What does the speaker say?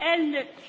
elnök!